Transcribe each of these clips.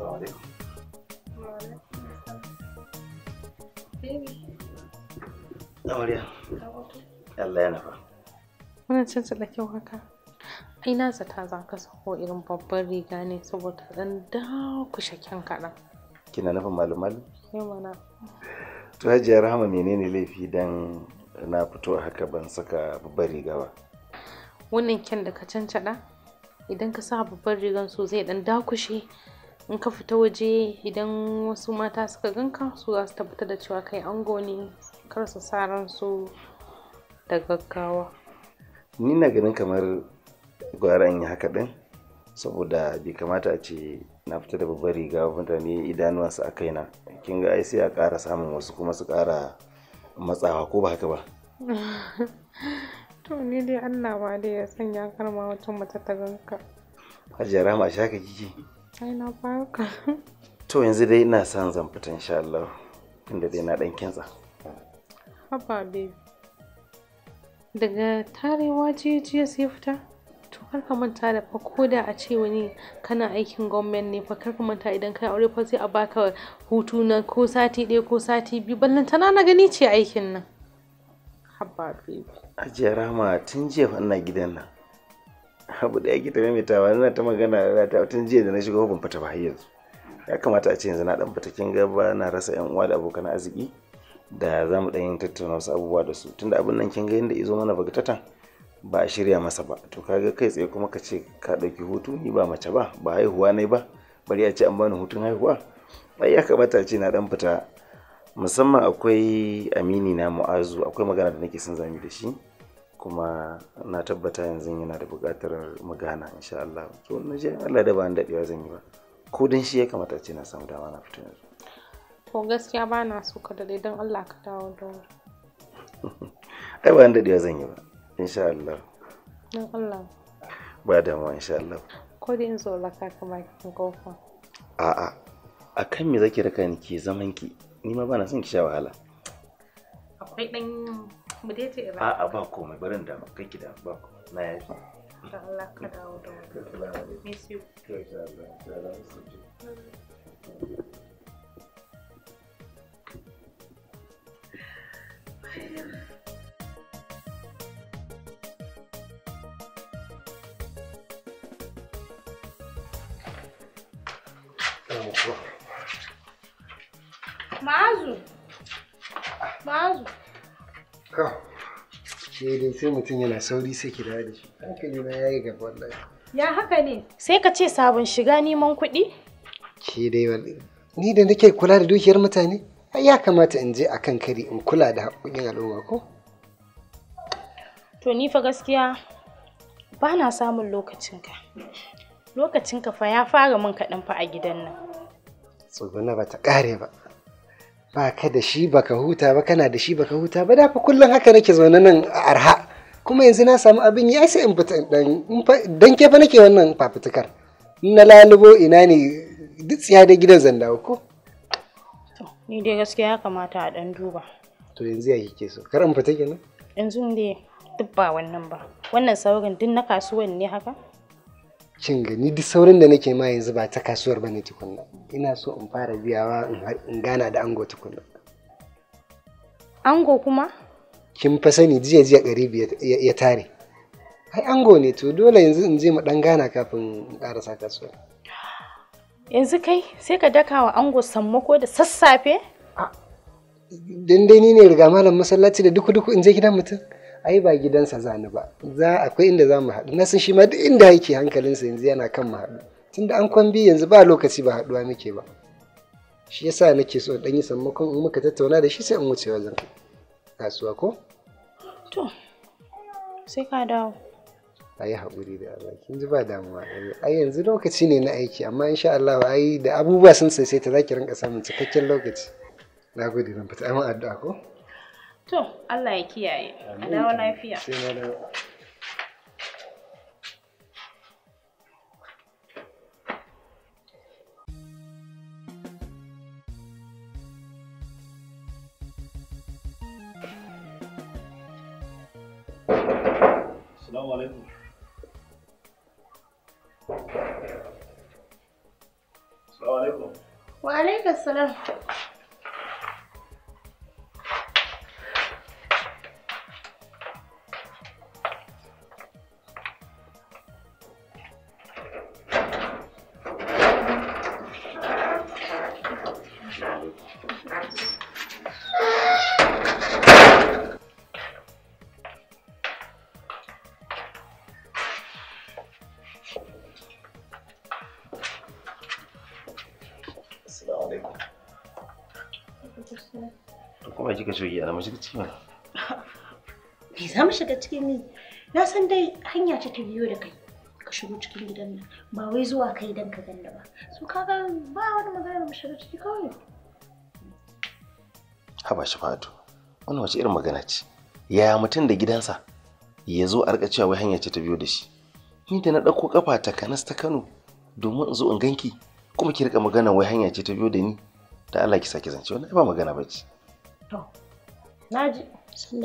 Histórico. Bora. da kyau haka. Ai na zata za ka sako irin babban riga ne saboda dan dakushe kyan kaɗan. Kina nufin malumal? mana. To Hajiya Rahama menene laifi dan na fito haka ban saka babban riga ba? Wannan kyan da ka cancaɗa idan ka sa babban rigan so zai dan dakushe in ka fita waje idan wasu mata suka ganka su za su tabbatar da cewa kai ango ne kar su sa ran su da gaggawa ni na ganin kamar gwara in yi haka din saboda bai kamata a ce na fita da babbar riga mutane su a kaina kin ga ai sai a kara samun wasu kuma su ƙara matsawa ko ba haka ba to ni dai Allah ma dai ya sanya karma wata mata ta ganka hajjara ma shaka kike Ai To yanzu dai ina son zan fita insha Allah. Tunda dai na dan kinsa. Haba be. Daga tarewa jiya sai fita? To kar ka manta da fa koda a ce wani kana aikin gwamnati ne fa kar ka manta idan kai aure fa sai a baka hutu na ko sati ɗaya ko sati biyu tana na gani ce aikin nan. Haba be. Ajiya Rama tun jiya fa ina gidan nan. abu da yake ta wa na ta magana da ta tun jiya da na shiga ban fata ba yanzu ya kamata a ce yanzu na dan fata kin ga ba na rasa yan uwa da abokan arziki da za mu dan yin tattauna wasu abubuwa da su tunda abin nan kin ga yanda izo mana bagatatan ba a shirya masa ba to kaga kai tsaye kuma ka ce ka ɗauki hutu ni ba mace ba ba haihuwa ne ba bari a ce an bani hutun haihuwa ai ya kamata a ce na dan fita musamman akwai amini na mu'azu akwai magana da nake son zami da shi kuma na tabbata yanzu yana da buƙatar magana insha Allah to na je Allah da ba ni dadewa zan yi ba ko dan shi ya kamata ce na samu dama na fito yanzu to gaskiya ba na so ka daɗe don Allah ka dawo da wuri ai ba ni dadewa zan yi ba insha Allah don Allah ba mu insha Allah ko da in zo la ka bakin kofa a'a a kan me zaki raka ni ke zaman ki ni ma ba na son ki sha wahala akwai dan mu dai ba a'a ba komai barin da kai ki ba na Allah ka dawo da wani Mazu! Mazu! Ke dai sai mutum yana sauri sai ki da shi. Hankali na yayi gaba wallahi. Ya haka ne. Sai ka ce sabon shiga neman kuɗi? Ke dai wallahi. Ni da nake kula da dukiyar mutane, ai ya kamata in je akan kari in kula da haƙoƙin al'umma ko? To ni fa gaskiya ba na samun lokacinka. Lokacinka fa ya fara min kaɗan fa a gidan nan. Tsoguna ba ta ƙare ba. ba ka da shi ba ka huta ba kana da shi ba ka huta ba da fa kullum haka nake zaune nan a arha kuma yanzu na samu abin ya sai in fita dan dan fa nake wannan fafutukar na lalubo ina ne duk tsiya da gidan zandawa ko ni dai gaskiya ya kamata a dan duba to yanzu ya kike so kar in fita kenan yanzu ne duk ba wannan ba wannan saurin duk na kasuwan ne haka Cin gani duk saurin da nake ma yanzu ba ta kasuwar ba ne tukunna ina so in fara biyawa in gana da ango tukunna ango kuma kin fa sani jiya jiya garibi ya tare ai ango ne to dole yanzu in je mu dan gana kafin in karasa kasuwar yanzu kai sai ka daka wa ango sammako da sassafe dan dai ni ne riga malam masallaci da duku duku in je gidan mutum ai ba gidansa zani ba za akwai inda za mu haɗu na san shi ma duk inda yake hankalinsa yanzu yana kan mu haɗu tunda an kwambi yanzu ba lokaci ba haɗuwa muke ba shi yasa nake so dan yi sammakon in muka tattauna da shi sai in wuce wajen kasuwa ko to sai ka dawo a yi haƙuri da Allah kin ji ba damuwa ai yanzu lokaci ne na aiki amma insha Allah ai da abubuwa sun sai ta zaki rinka samun cikakken lokaci na gode nan fita amma addu'a ko To, Allah ya kiyaye. A dawo lafiya. kika ce yana mu shiga ciki mana. Bai za mu shiga ciki ni. Na san dai hanya ce ta biyo da kai. Ka shigo cikin gidan nan ba wai zuwa kai dan ka ganda ba. So kaga ba wani magana mu shiga ciki kawai. Haba shi fatu. Wannan wace irin magana ce? Yaya mutum da gidansa ya zo a rika cewa wai hanya ce ta biyo da shi. Ni da na ɗauko kafa ta kanas ta Kano domin in zo in ganki kuma ki rika magana wai hanya ce ta biyo da ni. Da Allah ki sake zance wannan ba magana bace. To, na ji.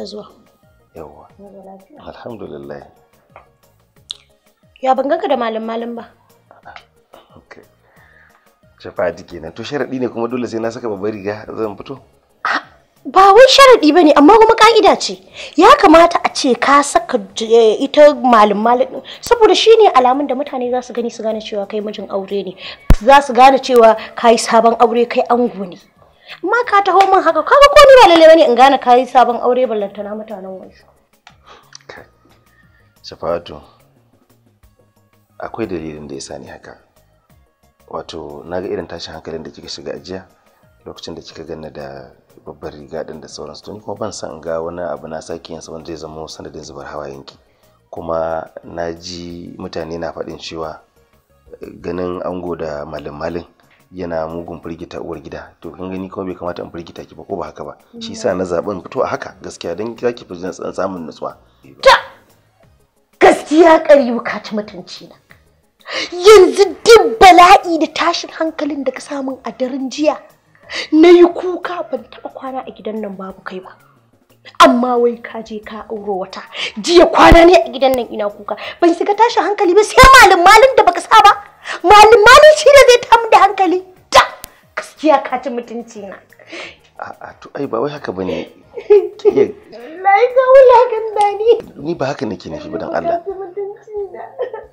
zuwa. Yawwa. Alhamdulillah. Ya ban ganka da malam malam ba. kenan to sharaɗi ne kuma dole sai na saka babbar riga zan fito. Ba wai sharaɗi ba ne amma kuma ka'ida ce ya kamata a ce ka saka eh, ita malam malin saboda shi ne alamun da mutane za su gani su gane cewa kai mijin aure ne za su gane cewa ka yi sabon aure kai ango ne. amma ka taho min haka kaga ko ni ba lalle bane in gane kayi sabon aure ballantana mutanen wasu Safatu akwai dalilin da ya ni haka wato na ga irin tashin hankalin da kika shiga ajiya lokacin da kika ganna da babbar riga din da sauransu to ni kuma ban san ga wani abu na saki yansa wanda zai zama sanadin zubar hawayenki kuma na ji mutane na faɗin cewa ganin ango da malin malin yana mugun firgita uwar gida to kan gani kuma bai kamata in firgita ki ba ko ba haka ba mm. shi yasa na zaɓi fito a haka gaskiya dan zaki fi jin samun nutsuwa ta gaskiya karyu ka ci mutunci na yanzu duk bala'i da tashin hankalin da ka samun a daren jiya na yi kuka ban taba kwana a gidan nan babu kai ba amma wai ka je ka auro wata jiya kwana ne a gidan nan ina kuka ban shiga tashin hankali ba sai malin malin da baka saba malin malin shi ne zai tamu da hankali ta gaskiya ka ci mutunci na a to ai ba wai haka bane lai ga kan dani ni ba haka nake nufi ba dan Allah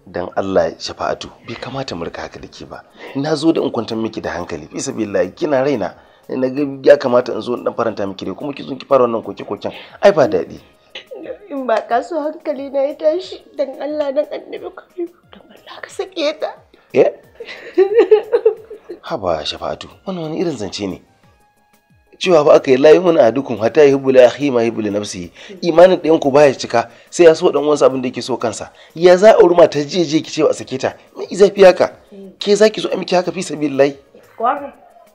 dan Allah shafa'atu bai kamata mu rika haka dake ba na zo da in kwantar miki da hankali fi sabilillahi kina raina na ga ya kamata in zo dan faranta miki dai kuma ki zo ki fara wannan koke koken ai ba daɗi in ba ka so hankali na ya tashi dan Allah dan annabi ka dan Allah ka sake ta Eh? haba shafa'atu wani wani irin zance ne cewa ba aka yi layi muna a dukun hata yi hubula akhi ma hubula nafsi imanin ɗayan ku baya cika sai ya so dan wansa abin da yake so kansa ya za a ruma ta jeje ki cewa a sake ta ni izafi haka ke zaki so a miki haka fi sabi sabilillahi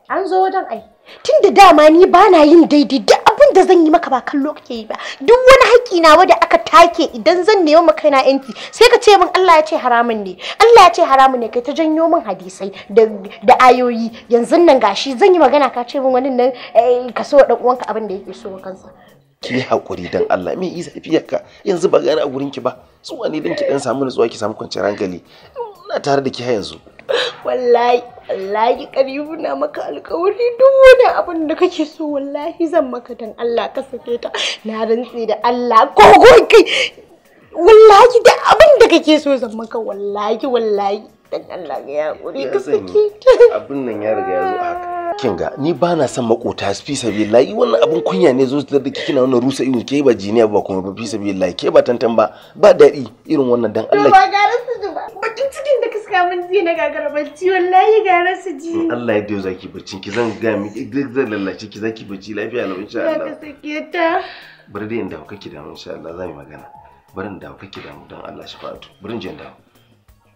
an zo wajen ai tun da dama ni ba na yin daidai duk abin da zan yi maka ba kallo kake yi ba duk wani haƙƙi na wanda aka take idan zan nemi maka kaina yanci sai ka ce min Allah ya ce haramun ne Allah ya ce haramun ne kai ta janyo min hadisai da da ayoyi yanzu nan gashi zan yi magana ka ce min wani nan eh, ka so dan uwanka abin da yake so kansa ki hakuri dan Allah me yi safiyar ka yanzu ba gana a gurin ki ba zuwa ne dan ki dan samu nutsuwa ki samu kwanciyar hankali ina tare da ki har yanzu wallahi wallahi karibu na maka alkawari duk wani abin da kake so wallahi zan maka dan Allah ka sake ta na rantse da Allah ko kai wallahi da abin da kake so zan maka wallahi wallahi dan Allah ga ya hakuri ka sake ta abin nan ya riga ya zo haka kinga ni ba na son makota fi sabilillahi wannan abun kunya ne zo da na wannan rusa ido ke ba jiniya ba kuma ba fi sabilillahi ke ba tantan ba ba daɗi irin wannan dan Allah ba gara su ji ba bakin cikin da kiska mun ji na gagara ci wallahi gara su ji Allah ya dio zaki barcin ki zan ga miki duk zan lallace ki zaki barci lafiya lau insha Allah ka sake ta bari dai in dawo kake da mu insha Allah zan yi magana bari in dawo kake da mu dan Allah shi fatu bari in je dawo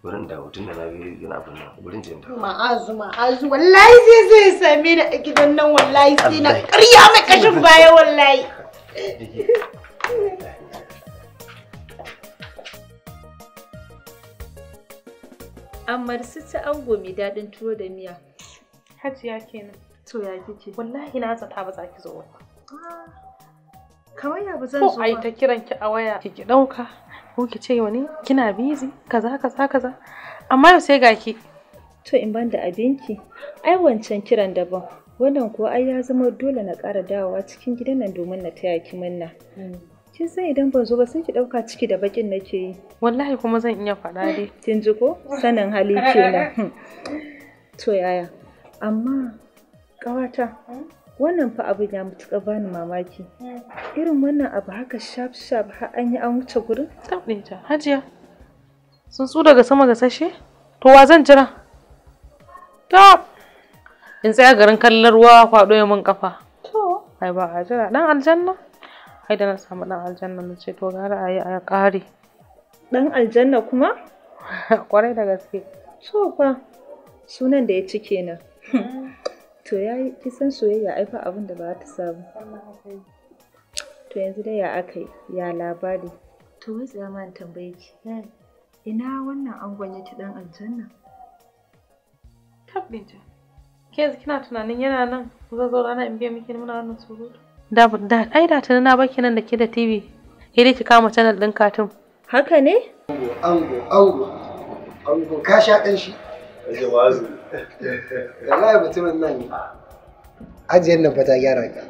wurin da hutun da na bi yana abin nan wurin jin dawo ma'azu ma'azu wallahi sai zai same ni a gidan nan wallahi sai na karya mai kashin baya wallahi Amar su ta ango mai daɗin tuwo da miya. Hajiya kenan. To ya kike? Wallahi na zata ba za ki zo ba. Ah. Kamar ya ba zan zo ba. Ko ai ta kiran ki a waya ki ki ɗauka. ko ki ce wani kina bizi kaza kaza kaza amma yau sai gaki to in ban da abinki ai wancan kiran daban wannan kuwa ai ya zama dole na ƙara dawowa cikin gidan nan domin na taya ki murna hmm. kin san idan ban zo ba sai ki ɗauka ciki da bakin nake yi wallahi kuma zan iya faɗa ah, dai kin ji ko sanin hali kenan to yaya amma ƙawata wannan fa abin ya ka bani mamaki irin wannan abu haka shaf shaf har an yi an wuce gurin taɓe ta hajiya tsuntsu daga sama ga sashe to wa zan jira to in tsaya garin kallon ruwa kwaɗo ya min kafa to ai ba a jira dan aljanna ai da na samu dan aljanna na ce to gara a yi a kare dan aljanna kuma kwarai da gaske to fa sunan da ya ci kenan hmm. To ya yi kisan soyayya ai abin da ba ta samu. To yanzu dai ya aka yi, ya labari. To wai tsaya man tambaye ki. Ina wannan angon yake dan aljanna? Tabbita. Ke yanzu kina tunanin yana nan zan zo rana in biya miki muna wannan surutu. Da da ai da tunan na baki nan da ke da TV. Ke ki kama channel din katun. Haka ne? Ango ango ango ka sha kanshi. shi. Aje wazu. Wallahi mutumin nan ajiyar nan fa ta gyara ka.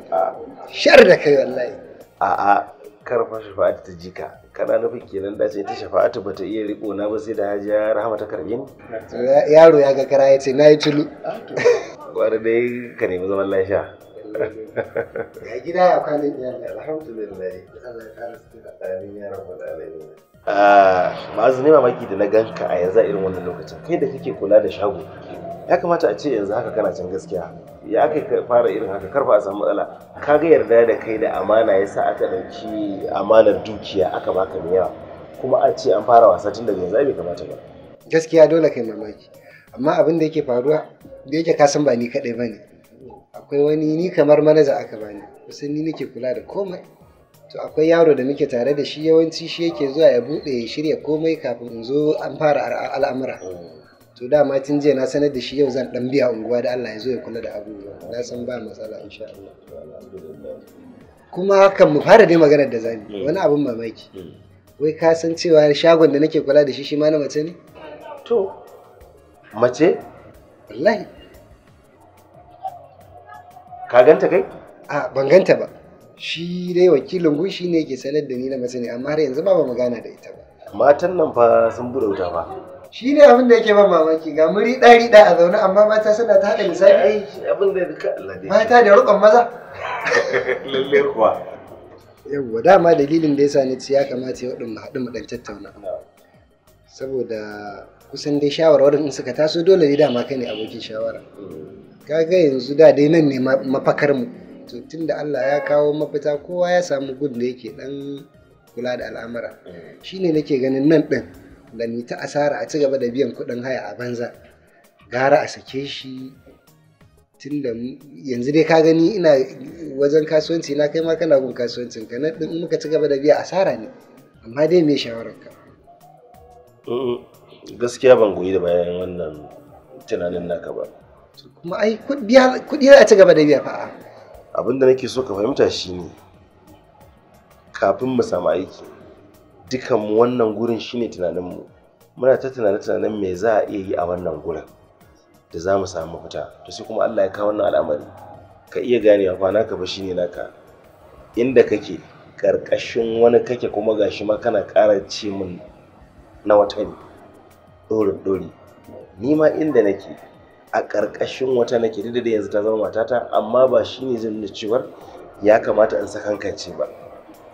Shar da kai wallahi. A'a kar fa shafa'atu ta jika. Kana nufin kenan da ce ta shafa'atu ba ta iya riko na ba sai da hajiya rahama ta karbe Yaro ya ga kara ya ce na yi tulu. Gwara dai ka nemi zaman lafiya. Ya gida ya Alhamdulillah. Allah ya kara su da tsarin ya rabu da ah, Ma'azu ne mamaki da na ganka a yanzu a irin wannan lokacin kai da kake kula da shago ya kamata a ce yanzu haka kana can gaskiya ya aka fara irin haka kar ba a samu matsala ka ga yarda da kai da amana yasa aka ɗauki amanar dukiya aka baka mai yawa kuma a ce an fara wasa tun daga yanzu bai kamata ba gaskiya dole kai mamaki amma abin da yake faruwa da yake ka san ba ni kaɗai ba ne akwai wani ni kamar manaja aka bani kusan ni nake kula da komai to akwai yaro da muke tare da shi yawanci shi yake zuwa ya bude ya shirya komai kafin in zo an fara al'amura to dama tun jiya na sanar da shi yau zan dan biya unguwa da Allah ya zo ya kula da abubuwa na san ba matsala insha Allah kuma kan mu fara dai maganar da zani wani abin mamaki wai ka san cewa shagon da nake kula da shi shi ma na mace ne to mace wallahi Ka ganta kai? A ban ganta ba. Shi dai wakilin gun shi ne yake sanar da ni na masani amma har yanzu ba ba magana da ita ba. Matan nan fa sun buɗe wuta ba. Shi ne abin da yake ban mamaki ga muri ɗari ɗa a zaune amma mata suna ta haɗa misali. Abin da ka Allah dai. Mata da rukun maza. Lalle kuwa. Yawwa dama dalilin da ya sa ni ya kamata ya mu haɗu mu ɗan tattauna. Saboda kusan dai shawarwarin in suka taso dole ne dama kai ne abokin shawara. Mm. kaga yanzu da dai nan ne mafakar mu to tunda Allah ya kawo mafita kowa ya samu gud da yake dan kula da al'amura mm. shine nake ganin nan din da ni ta asara a ci gaba da biyan kuɗin haya a banza gara a sake shi tunda yanzu dai ka gani ina wajen kasuwanci na kai ma kana gun kasuwancin ka nan in muka ci gaba da biya asara ne amma dai me shawarar ka mm, mm. gaskiya ban goyi da bayan wannan tunanin naka ba kuma ai kuɗi za a ci gaba da biya fa'a abin da nake so ka fahimta shine kafin mu samu aiki dukan wannan gurin shine tunaninmu muna ta tunanin tunanin me za a iya yi a wannan gurin da za mu samu mafita to sai kuma Allah ya kawo wannan al'amari ka iya gane wa, fa ka ba shine naka inda kake karkashin wani kake kuma gashi ma kana ƙara ce min na wata ne ɗorin ɗori ni ma inda nake a ƙarƙashin wata nake duk da yanzu ta zama matata amma ba shine ne zai nuna cewar ya kamata in sakankance ba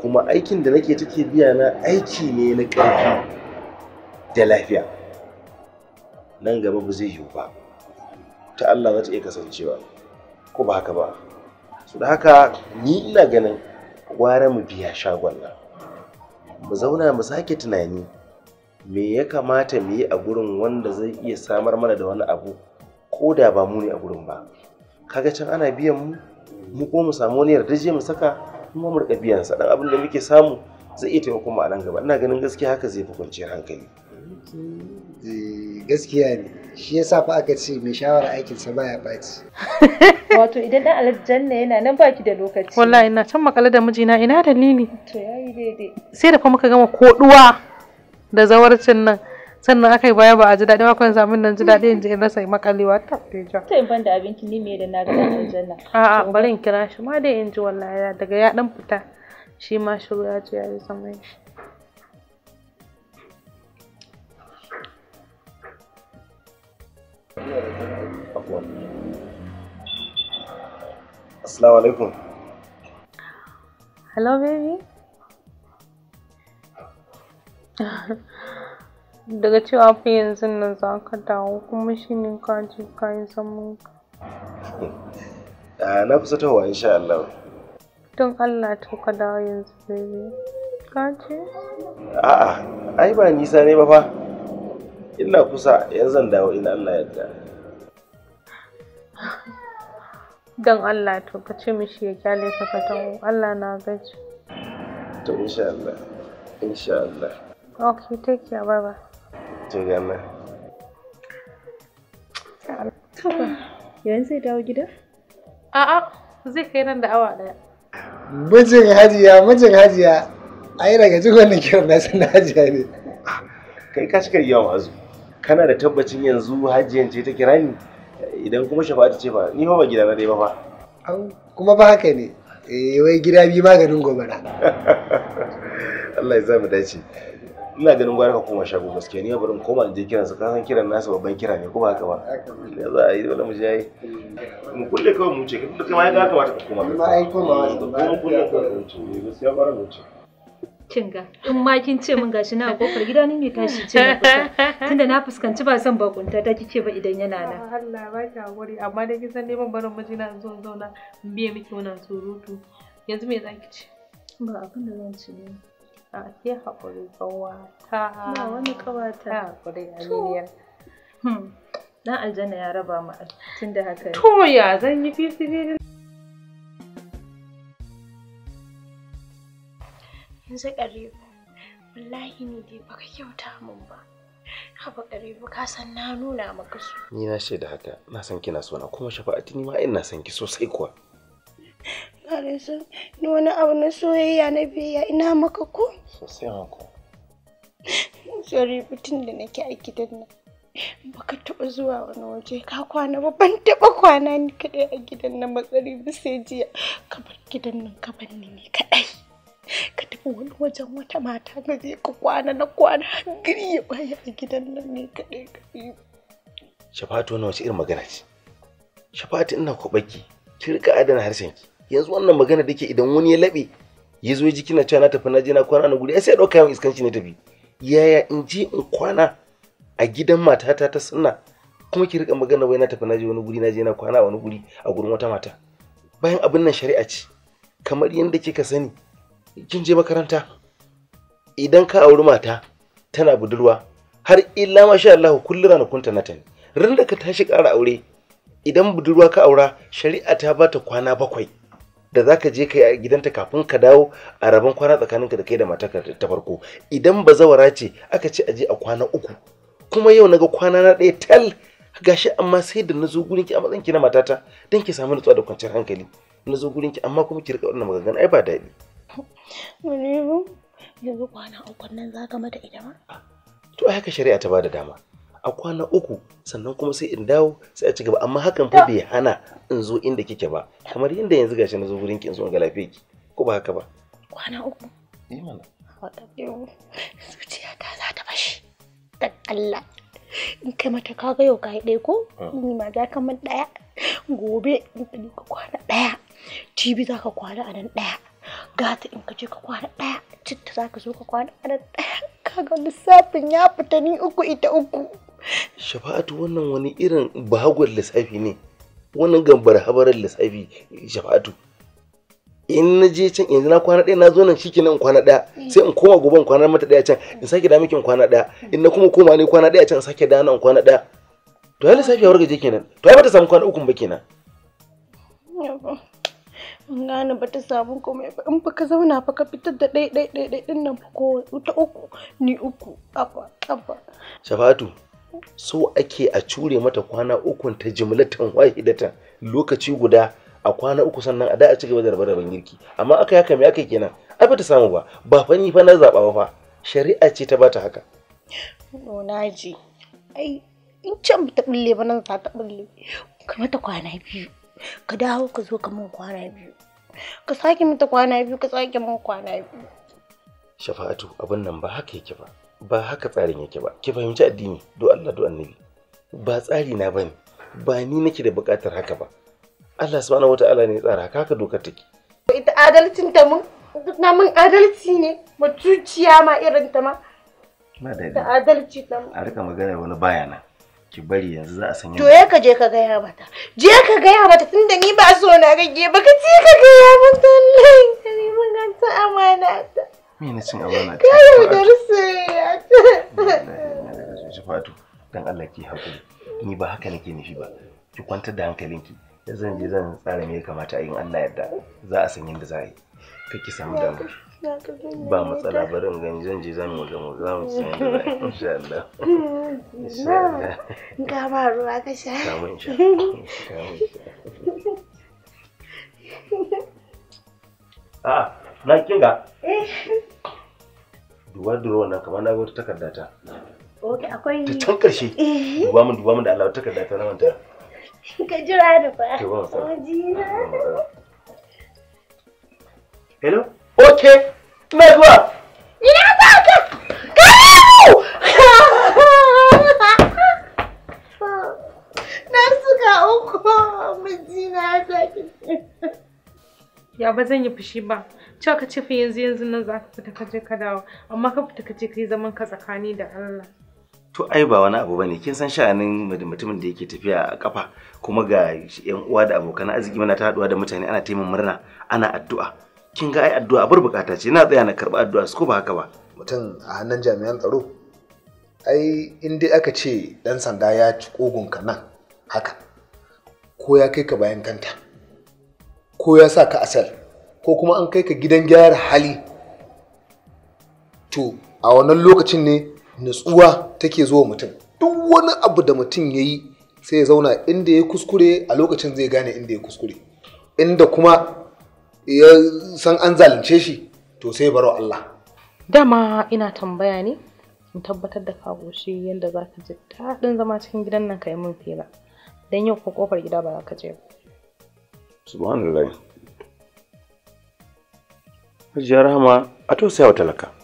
kuma aikin da nake take biya na aiki ne na ƙarfi da lafiya nan gaba ba zai yiwu ba ta Allah za ta iya kasancewa ko ba haka ba su da haka ni ina ganin gwara mu biya shagon nan mu zauna mu sake tunani me ya kamata mu yi a gurin wanda zai iya samar mana da wani abu ko da ba mu ne a gurin ba kaga can ana biyan mu mu ko mu samu wani yardaje mu saka kuma mu rika biyan sa dan abin da muke samu zai iya taimako mu a nan gaba ina ganin gaskiya haka zai fi kwanciyar hankali eh, gaskiya ne shi yasa fa aka ce mai shawara aikin sa baya baci wato idan dan aljanna yana nan baki da lokaci wallahi ina can makale da mijina ina dalili to yayi daidai sai da fa muka gama koduwa da zawarcin nan sannan aka yi baya ba a ji daɗi makon samun nan ji daɗi in ji in rasa makalewa ta feja ta ban da abinci ni mai da na ga ɗan aljanna a'a bari in kira shi ma dai in ji wallahi daga ya ɗan fita shi ma shiru ya ce ya yi zaman shi Assalamu alaikum. Hello baby. daga cewa fi yanzu nan za ka dawo kuma shi ne ka je ka yi zaman ka. Ah, na fi wa insha Allah. Don Allah to ka dawo yanzu baby. Ka ce? A'a, ai ba nisa ne ba fa. Illa kusa yanzu zan dawo in Allah yadda. Don Allah to ka ce mishi ya kyale ka ka dawo. Allah na gaji. To insha Allah. Insha Allah. Okay, take care. Bye bye. to ga a'a hajiya mijin daga wannan kiran na san hajiya ne kai ka cika yawan azu kana da tabbacin yanzu hajiyan ce ta kira ni idan kuma shafa'atu ce ba ni ba gida na dai ba fa kuma ba haka ne eh wai gida biyu maganin gobara Allah ya sa mu dace ina ganin gwara ka koma shago gaskiya ni bari koma da kiran su kasan kiran nasu babban kira ne ko ba haka ba ya za a yi wala mu je mu kulle kawai mu ce kuma kai ma ya kamata ka koma ma ai koma mu kulle kawai eh, mu ce gaskiya bara mu ce Kinga, in ma kin ce mun gashi na kofar gida ni ne tashi ce tunda na fuskanci ba san bakunta ta kike ba idan yana nan ah, Allah ba ka hakuri amma dai kin san ne neman barin miji na in zo zauna in biye miki wannan surutu yanzu me zaki ce ba abin da zan ce ne a ke haƙuri ƙawata na wani ƙawata haƙuri aminiyar hmm. na aljanna ya raba mu tun da haka to ya zan yi fisi yanzu ƙaribu wallahi ni dai baka kyauta min ba haba ƙaribu ka san na nuna maka su ni na shaida haka na san kina so na kuma shafa'ati ni ma ina san ki sosai kuwa ƙara ni wani abu na soyayya na biyayya ina maka ko? Sosai mako. Sorry fitin da nake a gidan nan. Baka taɓa zuwa wani waje ka kwana ba ban taɓa kwana ni kaɗai a gidan nan matsari ba sai jiya ka bar gidan nan ka bar ni ne kaɗai. Ka tafi wani wajen wata mata ka je ka kwana na kwana hankali gari ya baya a gidan nan ne kaɗai kaɗai. Shafatu nawa wace irin magana ce? Shafatu ina kwaɓaki ki riƙa adana harshenki. yanzu wannan magana da ke idan wani ya laɓe ya zo jiki na cewa na tafi na je na kwana na guri ai sai ɗauka yawan iskanci na tafi yaya in je in kwana a gidan matata ta sunna kuma ki rika magana wai na tafi na je wani guri na je na kwana a wani guri a gurin wata mata bayan abin nan shari'a ce kamar yadda ka sani kin je makaranta idan ka auri mata tana budurwa har illa masha Allah kullum ranakunta na ta ne ran da ka tashi ƙara aure idan budurwa ka aura shari'a ta bata kwana bakwai da za ka je ka yi gidanta kafin ka dawo a rabon kwana tsakaninka da kai da matarka ta farko idan ba zawara ce aka ce aje a kwana uku kuma yau naga kwana na ɗaya tal gashi amma sai da na zo gurin ki a matsayin ki na matata don ki samu nutsuwa da kwanciyar hankali na zo gurin ki amma kuma ki rika wannan magangan ai ba daɗi. Wani yanzu kwana uku nan za ka mata ita ma? To ai haka shari'a ta bada dama. a kwana uku sannan kuma sai in dawo sai a ci gaba amma hakan fa bai hana in zo inda kike ba kamar yadda yanzu gashi na zo gurin ki in zo ga lafiya ki ko ba haka ba kwana uku eh mana zuciya ta za ta bashi dan Allah in kai mata kaga yau kayi dai ko ah. ni ma za ka man daya gobe in ka ka kwana daya jibi za ka kwana a nan daya gata in ka je ka kwana daya citta za ka zo ka kwana a nan daya. kaga lissafin ya fita ni uku ita uku shafa'atu wannan wani irin bahagwar lissafi ne wannan gambar habarar lissafi shafa'atu in na je can yanzu na kwana ɗaya na zo nan shi kenan kwana ɗaya sai in koma gobe in kwana mata ɗaya can in sake da miki in kwana ɗaya in na kuma koma ne kwana ɗaya can in sake da nan kwana ɗaya to ya lissafi ya wargaje kenan to ai bata samu kwana uku ba kenan in gane ba ta samu komai ba in ka zauna fa ka fitar da ɗai ɗai ɗai ɗin nan ko ta uku ni uku abba abba shafatu so ake a cure mata kwana ukun ta jimlatan wahidatan lokaci guda a kwana uku sannan a da a cigaba da rabe-raben girki amma aka yaka me aka kenan a bata samu ba ba fa ni fa na zaba ba fa shari'a ce ta bata haka na ji ai in can ta bulle ba nan ta bulle ka mata kwana biyu ka dawo ka zo ka min kwana biyu ka sake mata kwana biyu ka sake min kwana biyu shafa'atu abin nan ba haka yake ba ba haka tsarin yake ba ki fahimci addini do Allah do annabi ba tsari na bane ba ni nake da buƙatar haka ba Allah subhanahu wataala ne ya tsara haka haka dokar take ita adalcin ta mun na mun adalci ne mutuciya ma irin ta ma ma da ita adalci ta a rika magana wani bayana ki bari yanzu za a san to ya ka je ka gaya mata je ka gaya mata tunda ni ba so na rage ba ka je ka gaya mata Allah ne mun ganta amana ta Me na cin amana ta. Kai darse. Shafatu, dan Allah ki hakuri. Ni ba haka nake nufi ba. Ki kwantar da hankalinki. zan je zan tsara me ya kamata a yin Allah yarda. Za a san yadda za a yi. Kar ki samu damu. Ba matsala bari in gani zan je zan mu motsa mu za mu san yadda insha Allah. Insha Allah. Ga ba ruwa ka sha. Ka mun sha. Ah, na kinga eh. duwa duro wannan kamar na wata takarda ta ok akwai ta can karshe eh. duba min duba min da Allah takarda ta na ka jira da fa to ba sa hello ok na duwa ina zuwa ka ka na suka uku mijina ta ki ya ba zan yi fushi ba cewa ka ce fa yanzu yanzu nan za ka fita ka je ka dawo amma ka fita ka je ka yi zaman ka tsakani da Allah to ai ba wani abu bane kin san sha'anin mutumin da yake tafiya a kafa kuma ga yan uwa da abokan arziki muna ta haduwa da mutane ana taimin murna ana addu'a kin ga ai addu'a bar bukata ce na tsaya na karba addu'a su ko ba haka ba mutum a hannun jami'an tsaro ai in dai aka ce dan sanda ya ci ka nan haka ko ya kai ka bayan kanta ko ya sa ka asal ko kuma an kai ka gidan gyara hali to a wannan lokacin ne nutsuwa take zuwa mutum duk wani abu da mutum ya yi sai ya zauna inda ya kuskure a lokacin zai gane inda ya kuskure inda kuma ya san an zalunce shi to sai baro Allah dama ina tambaya ne in tabbatar da ka kagoshi yadda za ka ji daɗin zama cikin gidan nan ka yi mun fila, don yau ko kofar gida ba za ka je ba subhanallah Hajiyar ma a tausaya wa talaka.